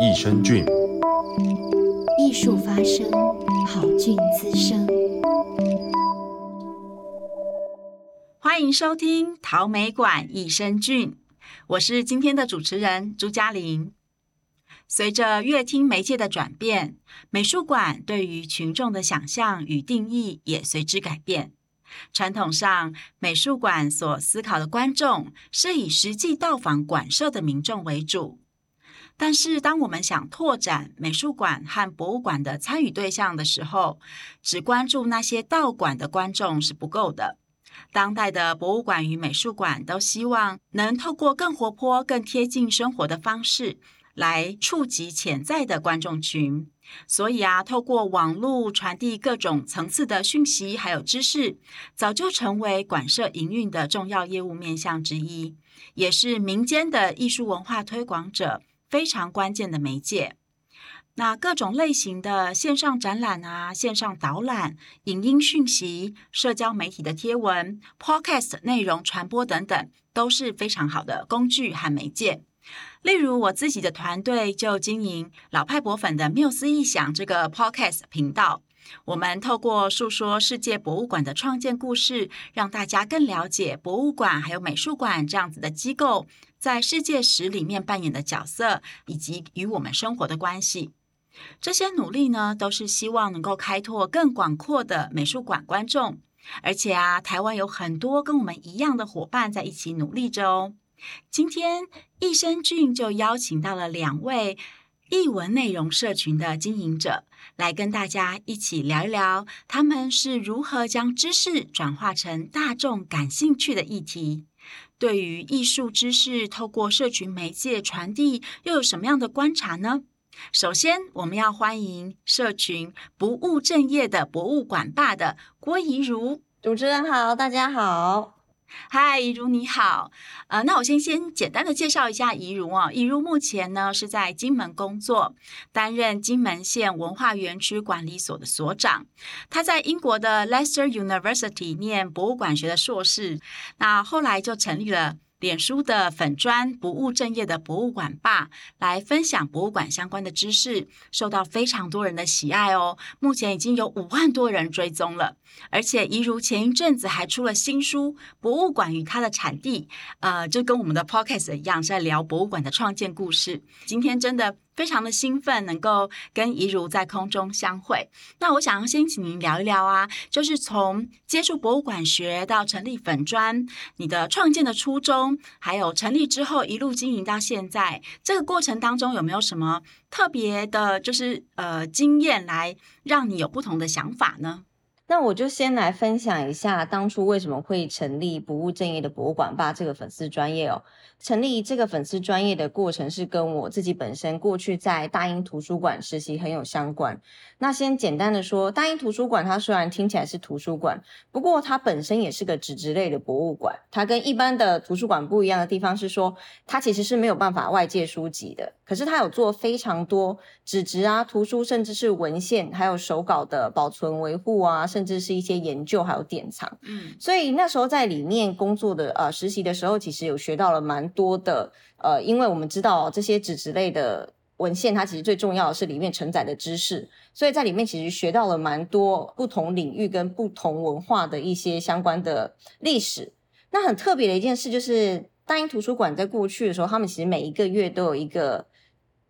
藝聲菌。藝術發聲，好菌滋生。歡迎收聽桃美館藝聲菌，我是今天的主持人朱家琳。隨着閱聽媒介的轉變，美術館對於群眾的想象與定義也隨之改變。傳統上，美術館所思考的觀眾是以實際到訪館舍的民眾為主。但是，當我們想拓展美術館和博物館的參與對象的時候，只關注那些到館的觀眾是不夠的。當代的博物館與美術館都希望能透過更活潑、更貼近生活的方式，來觸及潛在的觀眾群，所以啊，透過網絡傳遞各種層次的訊息還有知識，早就成為館舍營運的重要業務面向之一，也是民間的藝術文化推廣者非常關鍵的媒介。那各種類型的線上展覽啊、線上導覽、影音訊息、社交媒體的貼文、Podcast 內容傳播等等，都是非常好的工具和媒介。例如，我自己的團隊就經營老派博粉的“謬思藝享”這個 Podcast 頻道。我們透過述說世界博物館的創建故事，讓大家更了解博物館還有美術館這樣子的機構在世界史裡面扮演的角色，以及與我們生活的關係。這些努力呢，都是希望能夠開拓更廣闊的美術館觀眾。而且啊，台灣有很多跟我們一樣的夥伴在一起努力着哦。今天藝聲菌就邀請到了兩位藝文內容社群的經營者，來跟大家一起聊一聊他們是如何將知識轉化成大眾感興趣的議題。對於藝術知識透過社群媒介傳遞又有什麼樣的觀察呢？首先，我們要歡迎社群不務正業的博物館吧的郭怡汝。主持人好，大家好。嗨，怡汝，你好。呃，那我先先簡單的介紹一下怡汝啊、哦。怡汝目前呢是在金門工作，擔任金門縣文化園區管理所的所長。他在英國的 Leicester University 念博物館學的碩士，那後來就成立了。臉書的粉專不務正業的博物館吧，來分享博物館相關的知識，受到非常多人的喜愛哦。目前已經有五萬多人追蹤了，而且怡汝前一陣子還出了新書《博物館與它的產地》，呃，就跟我們的 podcast 一樣，在聊博物館的創建故事。今天真的。非常的興奮，能夠跟怡汝在空中相會。那我想要先請您聊一聊啊，就是從接觸博物館學到成立粉專，你的創建的初衷，還有成立之後一路經營到現在，這個過程當中有沒有什麼特別的，就是呃經驗來讓你有不同的想法呢？那我就先來分享一下當初為什麼會成立不務正業的博物館吧。這個粉絲專頁哦，成立這個粉絲專頁的過程是跟我自己本身過去在大英圖書館實習很有相關。那先簡單的說，大英圖書館它雖然聽起來是圖書館，不過它本身也是個紙質類的博物館。它跟一般的圖書館不一樣的地方是說，它其實是沒有辦法外借書籍的。可是它有做非常多紙質啊、圖書甚至是文獻還有手稿的保存維護啊。甚至是一些研究還有典藏，嗯，所以那時候在裡面工作的呃實習的時候，其實有學到了蠻多的呃，因為我們知道、哦、這些紙質類的文獻，它其實最重要的是裡面承載的知識，所以在裡面其實學到了蠻多不同領域跟不同文化的一些相關的歷史。那很特別的一件事就是大英圖書館在過去的時候，他們其實每一個月都有一個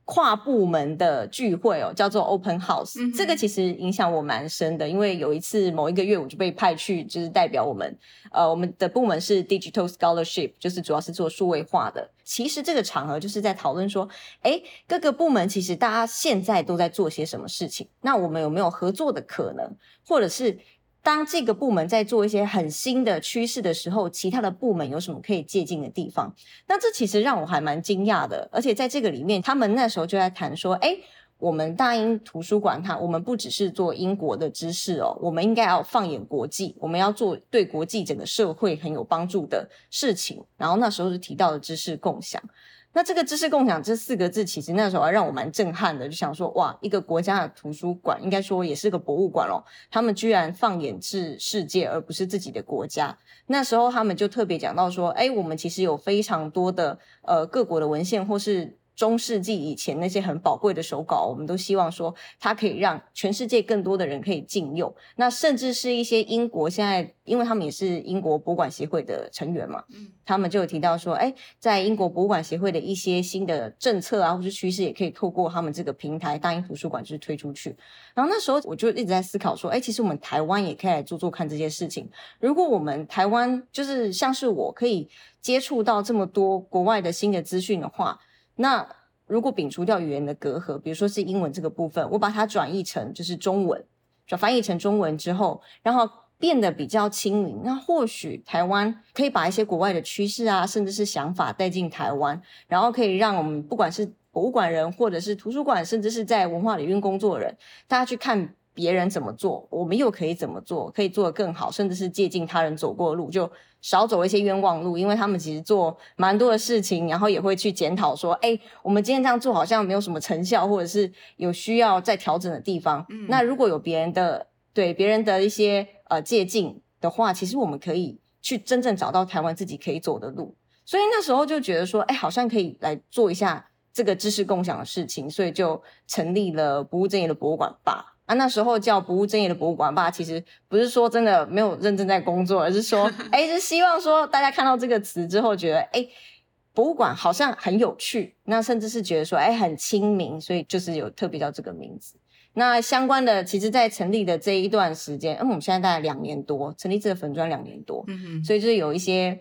跨部門的聚會哦，叫做 Open House，嗯哼，這個其實影響我蠻深的，因為有一次某一個月我就被派去，就是代表我們，呃，我們的部門是 Digital Scholarship，就是主要是做數位化的。其實這個場合就是在討論說，哎，各個部門其實大家現在都在做些什麼事情，那我們有沒有合作的可能，或者是？當這個部門在做一些很新的趨勢的時候，其他的部門有什麼可以借鑑的地方？那這其實讓我還蠻驚訝的。而且在這個裡面，他們那時候就在談說，哎。我們大英圖書館它，它我們不只是做英國的知識哦，我們應該要放眼國際，我們要做對國際整個社會很有幫助的事情。然後那時候是提到了知識共享，那這個知識共享這四個字，其實那時候還讓我蠻震撼的，就想說哇，一個國家的圖書館，應該說也是個博物館哦，他們居然放眼至世界，而不是自己的國家。那時候他們就特別講到說，誒，我們其實有非常多的呃各國的文獻或是。中世紀以前那些很寶貴的手稿，我們都希望說它可以讓全世界更多的人可以近用。那甚至是一些英國現在，因為他們也是英國博物館協會的成員嘛，嗯，他們就有提到說，哎、欸，在英國博物館協會的一些新的政策啊，或是趨勢，也可以透過他們這個平台，大英圖書館就是推出去。然後那時候我就一直在思考說，哎、欸，其實我們台灣也可以來做做看這些事情。如果我們台灣就是像是我可以接觸到這麼多國外的新的資訊的話。那如果摒除掉語言的隔閡，比如說是英文這個部分，我把它轉譯成就是中文，轉翻譯成中文之後，然後變得比較親民。那或許台灣可以把一些國外的趨勢啊，甚至是想法帶進台灣，然後可以讓我們不管是博物館人，或者是圖書館，甚至是在文化領域工作的人，大家去看別人怎麼做，我們又可以怎麼做，可以做得更好，甚至是借鑑他人走過的路，就。少走一些冤枉路，因為他們其實做蠻多的事情，然後也會去檢討說，哎，我們今天這樣做好像沒有什麼成效，或者是有需要再調整的地方。嗯，那如果有別人的對別人的一些呃借鑑的話，其實我們可以去真正找到台灣自己可以走的路。所以那時候就覺得說，哎，好像可以來做一下這個知識共享的事情，所以就成立了不務正業的博物館吧。啊，那時候叫不務正業的博物館吧，其實不是說真的沒有認真在工作，而是說，哎、欸，就是希望說大家看到這個詞之後，覺得哎、欸，博物館好像很有趣，那甚至是覺得說，哎、欸，很親民，所以就是有特別叫這個名字。那相關的，其實在成立的這一段時間，嗯，我們現在大概兩年多，成立這個粉專兩年多，嗯哼，所以就是有一些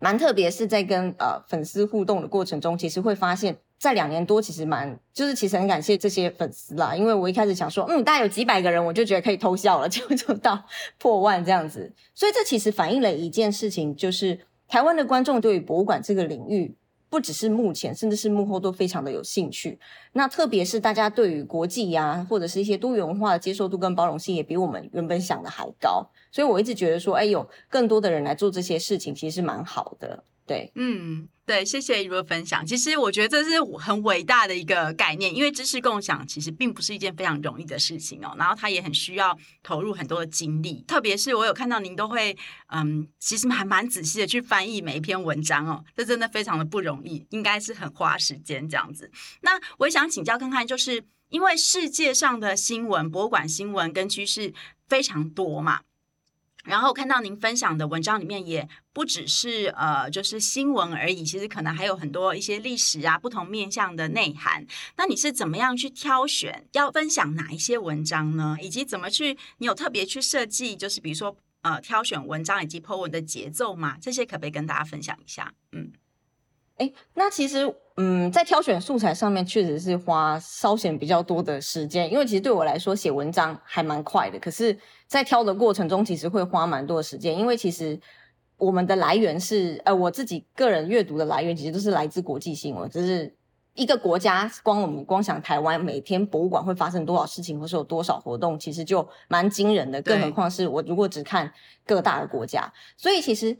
蠻特別，是在跟呃粉絲互動的過程中，其實會發現。在兩年多，其實蠻，就是其實很感謝這些粉絲啦，因為我一開始想說，嗯，大概有幾百個人，我就覺得可以偷笑了，結果就到破萬這樣子。所以這其實反映了一件事情，就是台灣的觀眾對於博物館這個領域，不只是目前，甚至是幕後都非常的有興趣。那特別是大家對於國際呀、啊，或者是一些多元化的接受度跟包容性，也比我們原本想的還高。所以我一直覺得說，哎有更多的人來做這些事情，其實是蠻好的。對，嗯，對，謝謝怡汝分享。其實我覺得這是很偉大的一個概念，因為知識共享其實並不是一件非常容易的事情哦。然後它也很需要投入很多的精力，特別是我有看到您都會，嗯，其實還蠻仔細的去翻譯每一篇文章哦。這真的非常的不容易，應該是很花時間這樣子。那我也想請教看看，就是因為世界上的新聞、博物館新聞跟趨勢非常多嘛。然後看到您分享的文章裡面，也不只是呃，就是新聞而已，其實可能還有很多一些歷史啊，不同面向的內涵。那你是怎麼樣去挑選要分享哪一些文章呢？以及怎麼去，你有特別去設計，就是比如說呃，挑選文章以及 po 文的節奏嗎？這些可不可以跟大家分享一下？嗯。哎，那其實，嗯，在挑選素材上面，確實是花稍嫌比較多的時間。因為其實對我來說，寫文章還蠻快的，可是，在挑的過程中，其實會花蠻多的時間。因為其實我們的來源是，呃，我自己個人閱讀的來源，其實都是來自國際新聞。就是一個國家，光我們光想台灣，每天博物館會發生多少事情，或是有多少活動，其實就蠻驚人的。對更何況是我如果只看各大的國家，所以其實。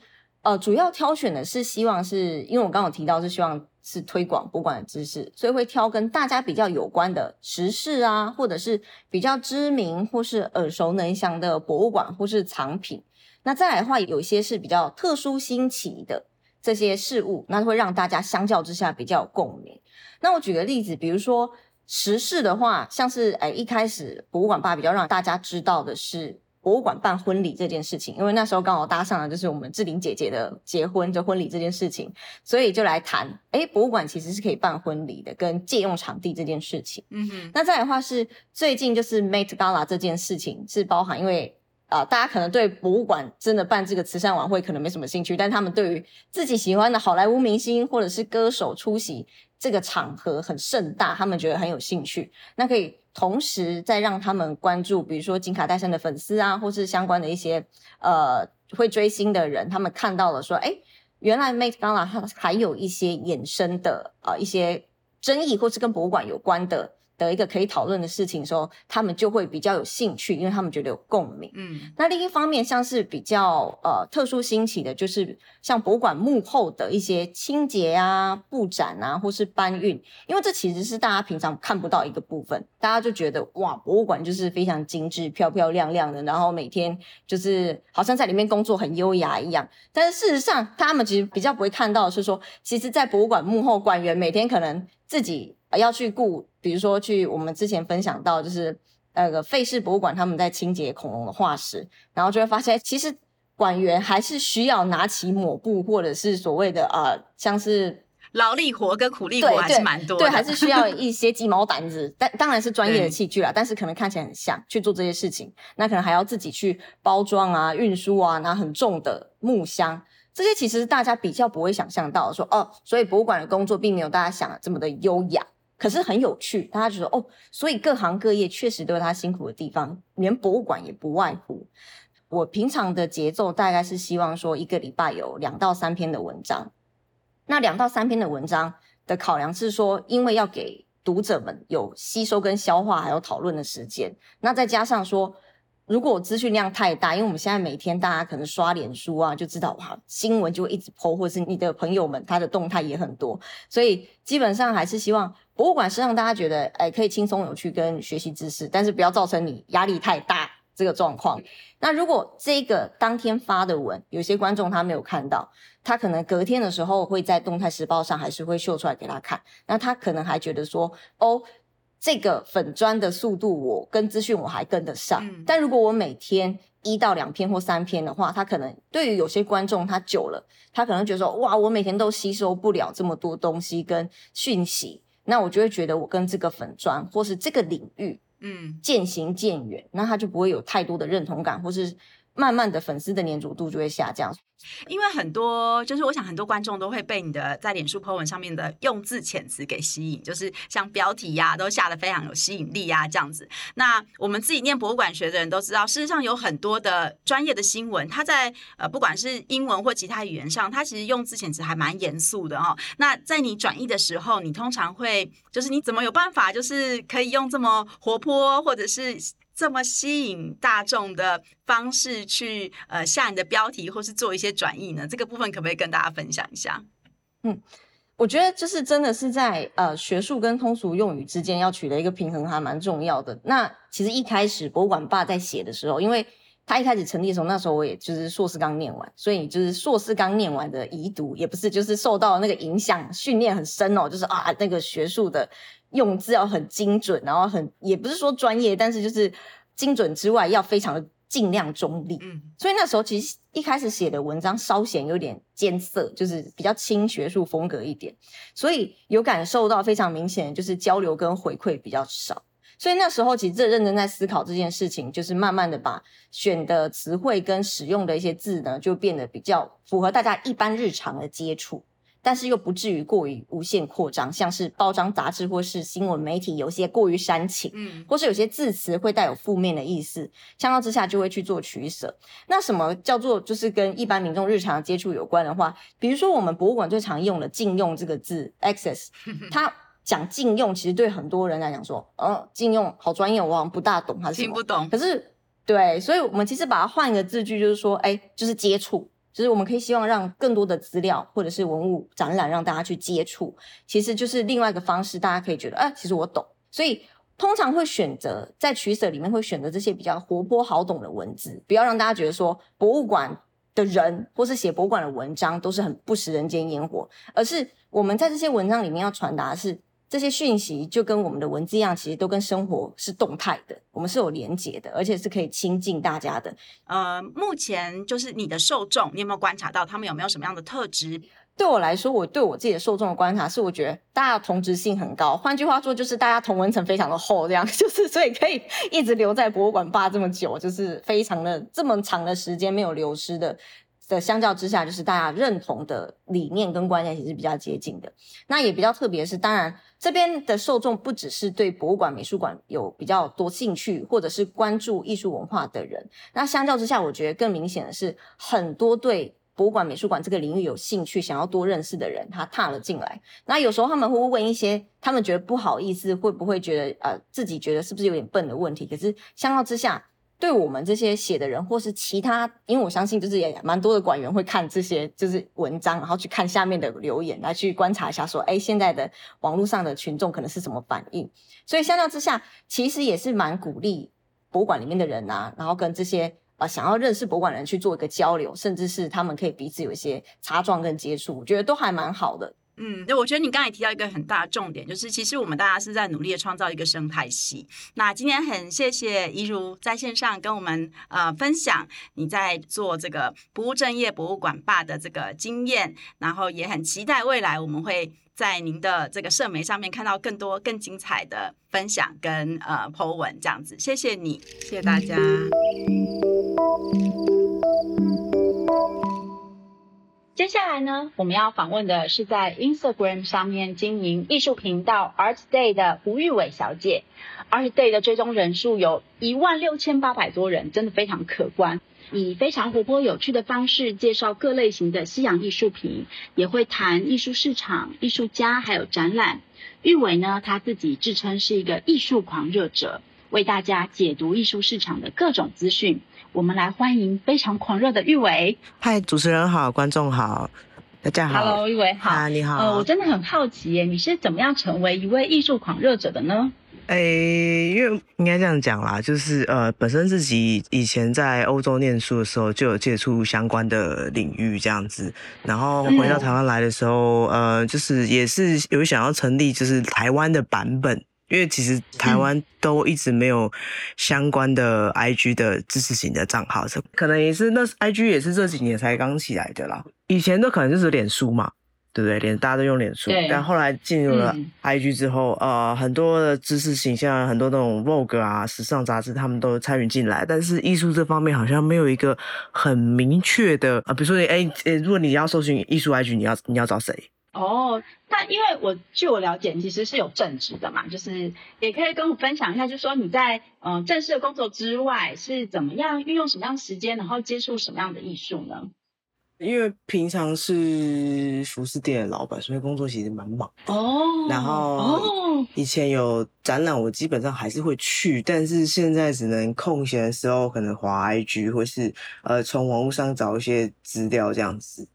呃，主要挑選的是希望是因為我剛剛有提到，是希望是推廣博物館的知識，所以會挑跟大家比較有關的時事啊，或者是比較知名或是耳熟能詳的博物館或是藏品。那再來的話，有一些是比較特殊新奇的這些事物，那會讓大家相較之下比較有共鳴。那我舉個例子，比如說時事的話，像是誒、欸、一開始博物館吧比較讓大家知道的是。博物館辦婚禮這件事情，因為那時候剛好搭上了，就是我們志玲姐姐的結婚，就婚禮這件事情，所以就來談，哎，博物館其實是可以辦婚禮的，跟借用場地這件事情。嗯哼，那再來的話是最近就是 Met Gala 這件事情，是包含因為啊、呃，大家可能對博物館真的辦這個慈善晚會可能沒什麼興趣，但他們對於自己喜歡的好萊塢明星或者是歌手出席，這個場合很盛大，他們覺得很有興趣，那可以同時再讓他們關注，比如說金卡戴珊的粉絲啊，或是相關的一些呃會追星的人，他們看到了說，誒，原來 Met Gala 還有一些衍生的呃一些爭議，或是跟博物館有關的。的一個可以討論的事情的時候，他們就會比較有興趣，因為他們覺得有共鳴。嗯，那另一方面像是比較呃特殊新奇的，就是像博物館幕後的一些清潔啊、布展啊，或是搬運，嗯、因為這其實是大家平常看不到一個部分，大家就覺得哇，博物館就是非常精致、漂漂亮亮的，然後每天就是好像在裡面工作很優雅一樣。但是事實上，他們其實比較不會看到的是說，其實在博物館幕後，館員每天可能自己。要去僱，比如說去我們之前分享到，就是那個費氏博物館他們在清潔恐龍的化石，然後就會發現，其實館員還是需要拿起抹布或者是所謂的呃，像是勞力活跟苦力活還是蠻多的，對對，對，還是需要一些雞毛掸子， 但當然是專業的器具啦，嗯、但是可能看起來很像去做這些事情，那可能還要自己去包裝啊、運輸啊，拿很重的木箱，這些其實大家比較不會想象到的，說哦，所以博物館的工作並沒有大家想的這麼的優雅。可是很有趣，大家就說，哦，所以各行各業確實都有他辛苦的地方，連博物館也不外乎。我平常的節奏大概是希望說一個禮拜有兩到三篇的文章。那兩到三篇的文章的考量是說，因為要給讀者們有吸收跟消化還有討論的時間。那再加上說，如果我資訊量太大，因為我們現在每天大家可能刷臉書啊，就知道哇，新聞就一直 po，或者是你的朋友們他的動態也很多，所以基本上還是希望。博物館是讓大家覺得，哎、欸，可以輕鬆有趣跟學習知識，但是不要造成你壓力太大這個狀況。那如果這個當天發的文，有些觀眾他沒有看到，他可能隔天的時候會在動態時報上，還是會秀出來給他看。那他可能還覺得說，哦，這個粉專的速度，我跟資訊我還跟得上。但如果我每天一到兩篇或三篇的話，他可能對於有些觀眾他久了，他可能覺得說，哇，我每天都吸收不了這麼多東西跟訊息。那我就會覺得我跟這個粉專或是這個領域，嗯，漸行漸遠，嗯、那他就不會有太多的認同感，或是。慢慢的，粉絲的黏着度就會下降，因為很多就是我想很多觀眾都會被你的在臉書 po 文上面的用字遣詞給吸引，就是像標題呀、啊，都下得非常有吸引力呀、啊、這樣子。那我們自己念博物館學的人都知道，事實上有很多的專業的新聞，它在呃不管是英文或其他語言上，它其實用字遣詞還蠻嚴肅的哦。那在你轉譯的時候，你通常會就是你怎麼有辦法就是可以用這麼活潑或者是？這麼吸引大眾的方式去呃，下你的標題，或是做一些轉譯呢？這個部分可不可以跟大家分享一下？嗯，我覺得就是真的是在呃學術跟通俗用語之間要取得一個平衡，還蠻重要的。那其實一開始，博物館吧在寫的時候，因為他一開始成立的時候，那時候我也就是碩士剛念完，所以就是碩士剛念完的遺毒，也不是，就是受到那個影響，訓練很深哦，就是啊那個學術的。用字要很精準，然後很也不是說專業，但是就是精準之外，要非常的盡量中立。嗯，所以那時候其實一開始寫的文章稍顯有點艱澀，就是比較輕學術風格一點，所以有感受到非常明顯的就是交流跟回饋比較少。所以那時候其實認真在思考這件事情，就是慢慢的把選的詞彙跟使用的一些字呢，就變得比較符合大家一般日常的接觸。但是又不至於過於無限擴張，像是報章雜誌或是新聞媒體，有些過於煽情。嗯，或是有些字詞會帶有負面的意思，相較之下就會去做取捨。那什麼叫做就是跟一般民眾日常的接觸有關的話，比如說我們博物館最常用的“禁用”這個字，access，他 講“禁用”，其實對很多人來講說，哦、呃，禁用好專業，我好像不大懂，還是聽不懂。可是對，所以我們其實把它換一個字句，就是說，誒就是接觸。就是我們可以希望讓更多的資料或者是文物展覽，讓大家去接觸，其實就是另外一個方式，大家可以覺得，呃、哎，其實我懂。所以通常會選擇在取舍裡面會選擇這些比較活潑好懂的文字，不要讓大家覺得說博物館的人或是寫博物館的文章都是很不食人間煙火，而是我們在這些文章裡面要傳達的是。這些訊息就跟我們的文字一樣，其實都跟生活是動態的，我們是有連結的，而且是可以親近大家的。呃，目前就是你的受眾，你有沒有觀察到他們有沒有什麼樣的特質？對我來說，我對我自己的受眾的觀察是，我覺得大家同質性很高，換句話說就是大家同溫層非常的厚，這樣就是所以可以一直留在博物館吧這麼久，就是非常的這麼長的時間沒有流失的。的相較之下，就是大家認同的理念跟觀念其實是比較接近的。那也比較特別是，當然這邊的受眾不只是對博物館、美術館有比較多興趣或者是關注藝術文化的人。那相較之下，我覺得更明顯的是，很多對博物館、美術館這個領域有興趣、想要多認識的人，他踏了進來。那有時候他們會問一些他們覺得不好意思，會不會覺得呃自己覺得是不是有點笨的問題。可是相較之下，對我們這些寫的人，或是其他，因為我相信，就是也蠻多的館員會看這些就是文章，然後去看下面的留言，來去觀察一下說，說哎，現在的網絡上的群眾可能是什麼反應。所以相較之下，其實也是蠻鼓勵博物館裡面的人啊，然後跟這些啊想要認識博物館的人去做一個交流，甚至是他們可以彼此有一些擦撞跟接觸，我覺得都還蠻好的。嗯，那我覺得你剛才提到一個很大的重點，就是其實我們大家是在努力創造一個生態系。那今天很謝謝怡汝在線上跟我們呃分享你在做這個不務正業博物館吧的這個經驗，然後也很期待未來我們會在您的這個社媒上面看到更多更精彩的分享跟呃 po 文這樣子。謝謝你，謝謝大家。嗯接下來呢，我們要訪問的是在 Instagram 上面經營藝術頻道 ArtDay 的吳玉瑋小姐。ArtDay 的追蹤人數有一萬六千八百多人，真的非常可觀。以非常活潑有趣的方式介紹各類型的西洋藝術品，也會談藝術市場、藝術家還有展覽。玉瑋呢，她自己自稱是一個藝術狂熱者，為大家解讀藝術市場的各種資訊。我們來歡迎非常狂熱的玉瑋。嗨，主持人好，觀眾好，大家好。Hello，玉瑋，好，Hi, 啊、你好、呃。我真的很好奇耶，你是怎麼樣成為一位藝術狂熱者的呢？誒、欸，因為應該這樣講啦，就是呃，本身自己以前在歐洲念書的時候就有接觸相關的領域這樣子，然後回到台灣來的時候，嗯、呃，就是也是有想要成立就是台灣的版本。因為其實台灣都一直沒有相關的 I G 的知識型的賬號，嗯，可能也是那 I G 也是這幾年才剛起來的啦。以前都可能就是臉書嘛，對不對？臉大家都用臉書，對但後來進入了 I G 之後，嗯、呃，很多的知識型，像很多那種 Vogue 啊、時尚雜誌，他們都參與進來。但是藝術這方面好像沒有一個很明確的啊、呃，比如說你，誒，誒，誒如果你要搜尋藝術 I G，你要你要找誰？哦，那因為我據我了解，其實是有正職的嘛，就是也可以跟我分享一下，就是說你在嗯、呃、正式的工作之外是怎麼樣運用什麼樣時間，然後接觸什麼樣的藝術呢？因為平常是服飾店的老闆，所以工作其實蠻忙哦。然後以前有展覽，我基本上還是會去，但是現在只能空閒的時候，可能滑 IG 或是呃從網絡上找一些資料這樣子。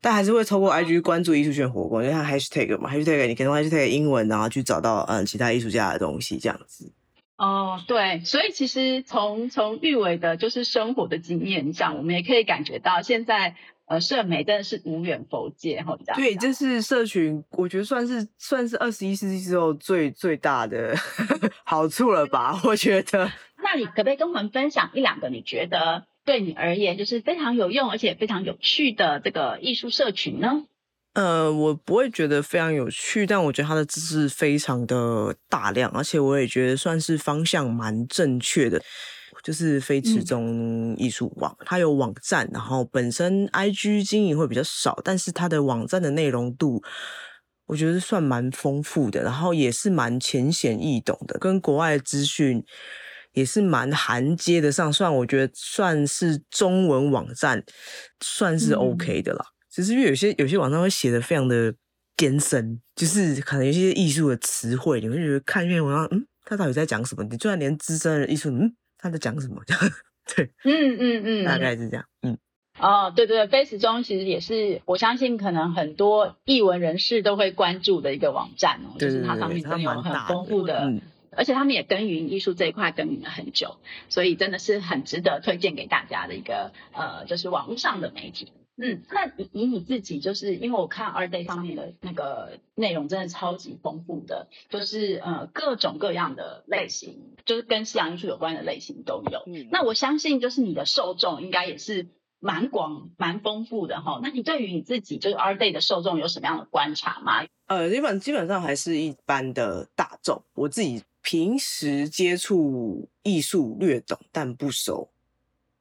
但還是會透過 I G 關注藝術圈的火光，因為它，嗯、Hashtag 嘛，Hashtag 你可以用 Hashtag 英文，然後去找到嗯其他藝術家的東西這樣子。哦，oh, 對，所以其實從從玉瑋的就是生活的經驗上，我們也可以感覺到，現在呃社媒真的是無遠弗屆。吼，哦，的。對，這是社群，我覺得算是算是二十一世紀之後最最大的 好處了吧，我覺得。那你可不可以跟我們分享一兩個你覺得？對你而言，就是非常有用而且非常有趣的這個藝術社群呢？呃，我不會覺得非常有趣，但我覺得它的知識非常的大量，而且我也覺得算是方向蠻正確的，就是非池中藝術網，嗯、它有網站，然後本身 IG 經營會比較少，但是它的網站的內容度，我覺得算蠻豐富的，然後也是蠻淺顯易懂的，跟國外的資訊，也是蠻銜接的上，算我覺得算是中文網站，算是 OK 的啦。嗯、只是因為有些有些網站會寫的非常的艱深，就是可能有些藝術的詞彙，你會覺得看一篇文章，嗯，他到底在講什麼？你就算連資深的藝術，嗯，他在講什麼？這樣，對，嗯嗯嗯，嗯嗯大概是這樣，嗯。哦，對對，非池中其實也是我相信可能很多藝文人士都會關注的一個網站哦，對對對，就是它上面都有很豐富的對對對。而且他們也耕耘藝術這一塊耕耘了很久，所以真的是很值得推薦給大家的一個呃，就是網絡上的媒體。嗯，那以以你自己，就是因為我看 ArtDay 方面的那個內容，真的超級豐富的，就是呃各種各樣的類型，就是跟西洋藝術有關的類型都有。嗯，那我相信就是你的受眾應該也是蠻廣蠻豐富的齁。那你對於你自己就是 ArtDay 的受眾有什麼樣的觀察嗎？呃，基本基本上還是一般的大眾，我自己。平時接觸藝術略懂，但不熟。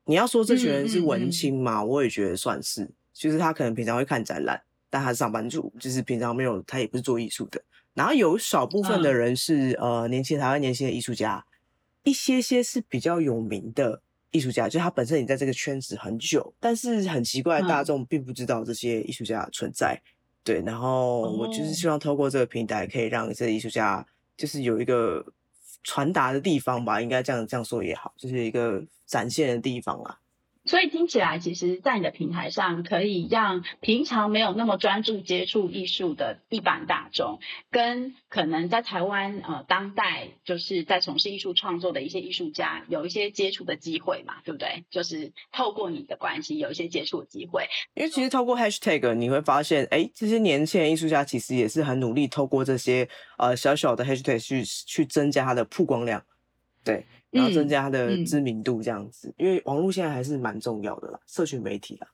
你要說這群人是文青嗎？嗯、我也覺得算是，就是他可能平常會看展覽，但他是上班族，就是平常沒有，他也不是做藝術的。然後有少部分的人是、嗯、呃，年輕台灣年輕的藝術家，一些些是比較有名的藝術家，就他本身也在這個圈子很久，但是很奇怪，大眾並不知道這些藝術家的存在。嗯、對，然後我就是希望透過這個平台，可以讓這些藝術家。就是有一個傳達的地方吧，應該這樣這樣說也好，就是一個展現的地方啊。所以聽起來，其實，在你的平台上，可以讓平常沒有那麼專注接觸藝術的一般大眾，跟可能在台灣呃當代就是在從事藝術創作的一些藝術家，有一些接觸的機會嘛，對不對？就是透過你的關係，有一些接觸的機會。因為其實透過 Hashtag，你會發現，哎、欸，這些年輕的藝術家其實也是很努力，透過這些呃小小的 Hashtag 去去增加它的曝光量，對。然後增加他的知名度，這樣子，嗯嗯、因為網絡現在還是蠻重要的啦，社群媒體啦。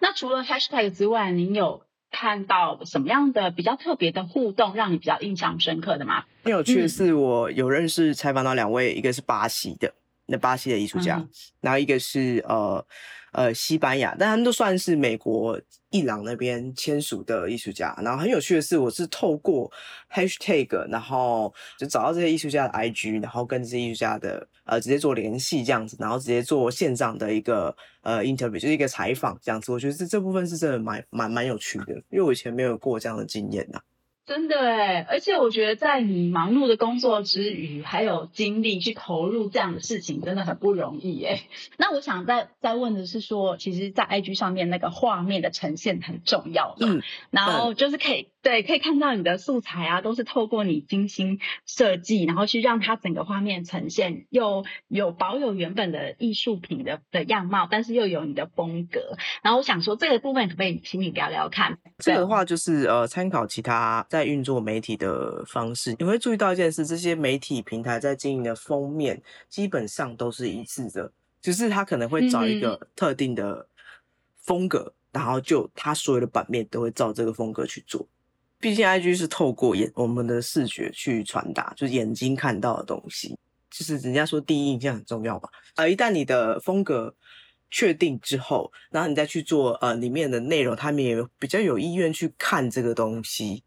那除了 hashtag 之外，您有看到什麼樣的比較特別的互動，讓你比較印象深刻的嗎？有，有趣的是我有認識採訪到兩位，一個是巴西的，那巴西的藝術家，嗯、然後一個是呃。呃，西班牙，但他們都算是美國、伊朗那邊簽署的藝術家。然後很有趣的是，我是透過 hashtag，然後就找到這些藝術家的 IG，然後跟這些藝術家的呃直接做聯繫這樣子，然後直接做線上的一個呃 interview，就是一個採訪這樣子。我覺得這這部分是真的蠻蠻蠻有趣的，因為我以前沒有過這樣的經驗吶、啊。真的哎，而且我覺得在你忙碌的工作之餘，還有精力去投入這樣的事情，真的很不容易誒。那我想再再問的是說，說其實，在 IG 上面那個畫面的呈現很重要的，嗯，然後就是可以。對，可以看到你的素材啊，都是透過你精心設計，然後去讓它整個畫面呈現，又有保有原本的藝術品的的樣貌，但是又有你的風格。然後我想說，這個部分可不可以請你聊聊看？這個的話就是呃，參考其他在運作媒體的方式，你會注意到一件事，這些媒體平台在經營的封面基本上都是一致的，就是它可能會找一個特定的風格，嗯哼，然後就它所有的版面都會照這個風格去做。畢竟，I G 是透過眼我們的視覺去傳達，就是眼睛看到的東西，就是人家說第一印象很重要吧。呃，一旦你的風格確定之後，然後你再去做呃裡面的內容，他們也比較有意願去看這個東西。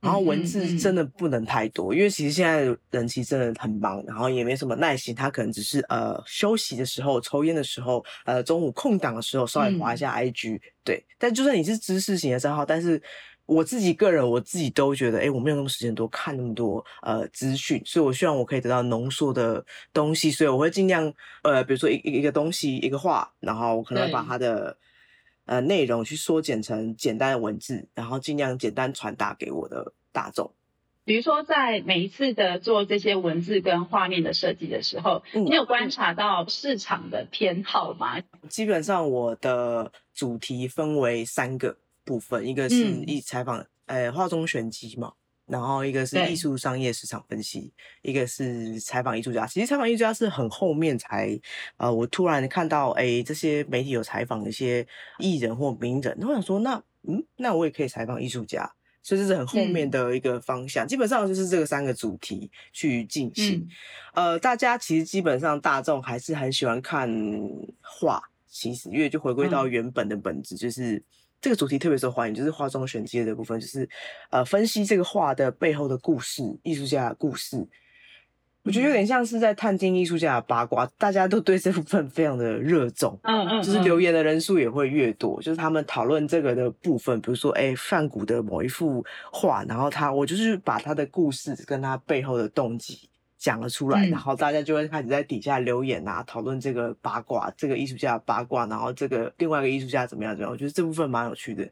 然後文字真的不能太多，嗯嗯嗯，因為其實現在人其實真的很忙，然後也沒什麼耐心，他可能只是呃休息的時候、抽煙的時候、呃中午空檔的時候，稍微滑一下 I G。對，但就算你是知識型的賬號，但是我自己個人，我自己都覺得，哎，我沒有那麼多時間多看那麼多呃資訊，所以我希望我可以得到濃縮的東西，所以我會盡量呃，比如說一個一個東西一個畫，然後我可能會把它的對呃內容去縮減成簡單的文字，然後盡量簡單傳達給我的大眾。比如說在每一次的做這些文字跟畫面的設計的時候，嗯、你有觀察到市場的偏好嗎？基本上我的主題分為三個。部分，一個是藝採訪，呃、嗯，欸、畫中玄機嘛，然後一個是藝術商業市場分析，對一個是採訪藝術家。其實採訪藝術家是很後面才，呃，我突然看到，誒、欸，這些媒體有採訪一些藝人或名人，然後我想說，那嗯，那我也可以採訪藝術家，所以這是很後面的一個方向。嗯、基本上就是這個三個主題去進行。嗯、呃，大家其實基本上大眾還是很喜歡看畫，其實因為就回歸到原本的本質、嗯、就是。這個主題特別受歡迎，就是畫中玄機的部分，就是呃，分析這個畫的背後的故事，藝術家的故事。嗯、我覺得有點像是在探聽藝術家的八卦，大家都對這部分非常的熱衷，嗯嗯，嗯嗯，就是留言的人數也會越多。就是他們討論這個的部分，比如說，哎，梵谷的某一幅畫，然後他，我就是把他的故事跟他背後的動機。講了出來，嗯、然後大家就會開始在底下留言啊，討論這個八卦，這個藝術家八卦，然後這個另外一個藝術家怎麼樣怎麼樣，我覺得這部分蠻有趣的。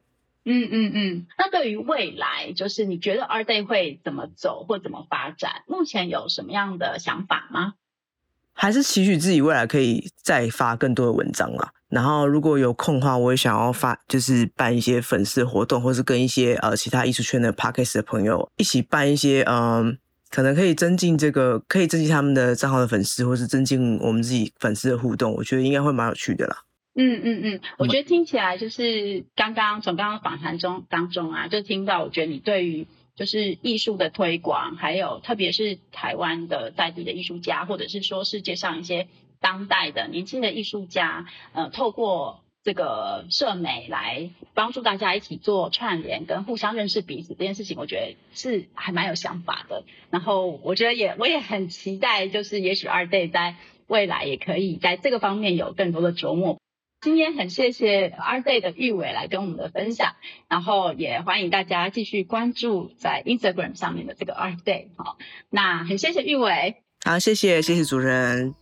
嗯嗯嗯。那對於未來，就是你覺得 ArtDay 會怎麼走或怎麼發展？目前有什麼樣的想法嗎？還是期許自己未來可以再發更多的文章啦，然後如果有空的話，我也想要發，就是辦一些粉絲活動，或是跟一些呃其他藝術圈的 podcast 的朋友一起辦一些嗯。呃可能可以增進這個，可以增進他們的賬號的粉絲，或是增進我們自己粉絲的互動。我覺得應該會蠻有趣的啦。嗯嗯嗯，我覺得聽起來就是剛剛從剛剛訪談中當中啊，就聽到我覺得你對於就是藝術的推廣，還有特別是台灣的在地的藝術家，或者是說世界上一些當代的年輕的藝術家，呃，透過。這個社媒來幫助大家一起做串聯跟互相認識彼此這件事情，我覺得是還蠻有想法的。然後我覺得也我也很期待，就是也許 ArtDay 在未來也可以在這個方面有更多的琢磨。今天很謝謝 ArtDay 的玉瑋來跟我們的分享，然後也歡迎大家繼續關注在 Instagram 上面的這個 ArtDay。好，那很謝謝玉瑋。好，謝謝謝謝主持人。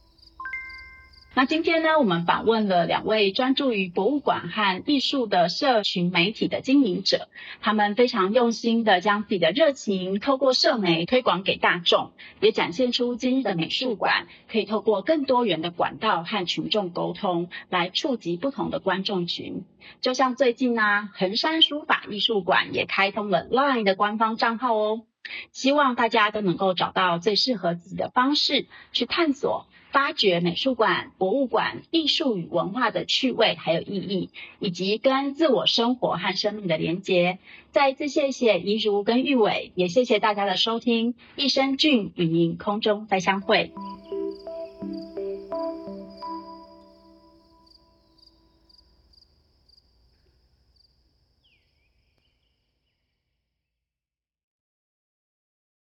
那今天呢，我們訪問了兩位專注於博物館和藝術的社群媒體的經營者，他們非常用心的將自己的熱情透過社媒推廣給大眾，也展現出今日的美術館可以透過更多元的管道和群眾溝通，來觸及不同的觀眾群。就像最近呢，橫山書法藝術館也開通了 LINE 的官方賬號哦，希望大家都能夠找到最適合自己的方式去探索。發掘美術館、博物館、藝術與文化的趣味還有意義，以及跟自我生活和生命的連接。再一次謝謝怡汝跟玉瑋，也謝謝大家的收聽。藝聲菌與您空中再相會。